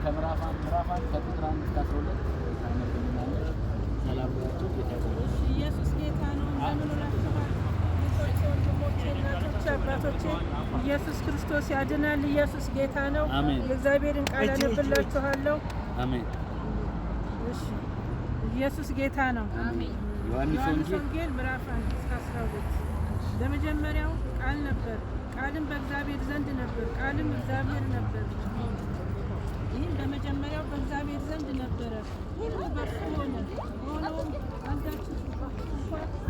ከምዕራፍ አንድ ምዕራፍ አንድ ከቁጥር አንድ እስከ አስራ ሁለት ሰላም ብላችሁ ጌታ ኢየሱስ ጌታ ነው። እንደምን ውላችኋል? ወንድሞቼ፣ እናቶቼ፣ አባቶቼ ኢየሱስ ክርስቶስ ያድናል። ኢየሱስ ጌታ ነው። የእግዚአብሔርን ቃል አነብላችኋለሁ። ኢየሱስ ጌታ ነው። ዮሐንስ ወንጌል ምዕራፍ አንድ እስከ አስራ ሁለት በመጀመሪያው ቃል ነበር፣ ቃልም በእግዚአብሔር ዘንድ ነበር፣ ቃልም እግዚአብሔር ነበር İyiyim ben mecemmel yok. Ben güzel bir yerizem dinletlere. Vur mu bak su oyna. Oğlum. Ben de açın.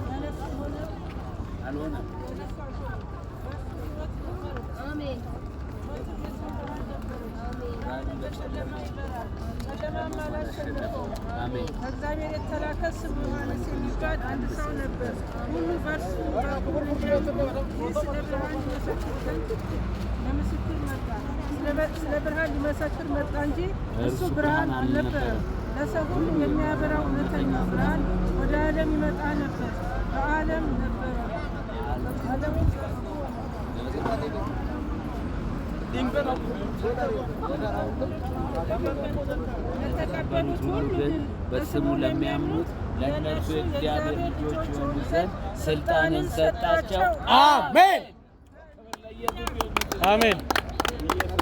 Ben de su oyna. Ben oyna. Amin. آمين. እግዚአብሔር የተላከ ስም ዮሐንስ የሚባል አንድ ሰው ነበር። ሁሉ በእርሱ በኩል ስለ ብርሃን መሰክሩትን ስለ ብርሃን ሊመሰክር መጣ እንጂ እሱ ብርሃን አልነበረም። ለሰው ሁሉ የሚያበራ እውነተኛ ብርሃን ወደ ዓለም ይመጣ ነበር፣ በዓለም ነበረ፣ ለተቀበሉት ሁሉ በስሙ ለሚያምኑት ለእነርሱ የእግዚአብሔር ልጆች የሆኑ ዘንድ ሥልጣንን ሰጣቸው። አሜን አሜን።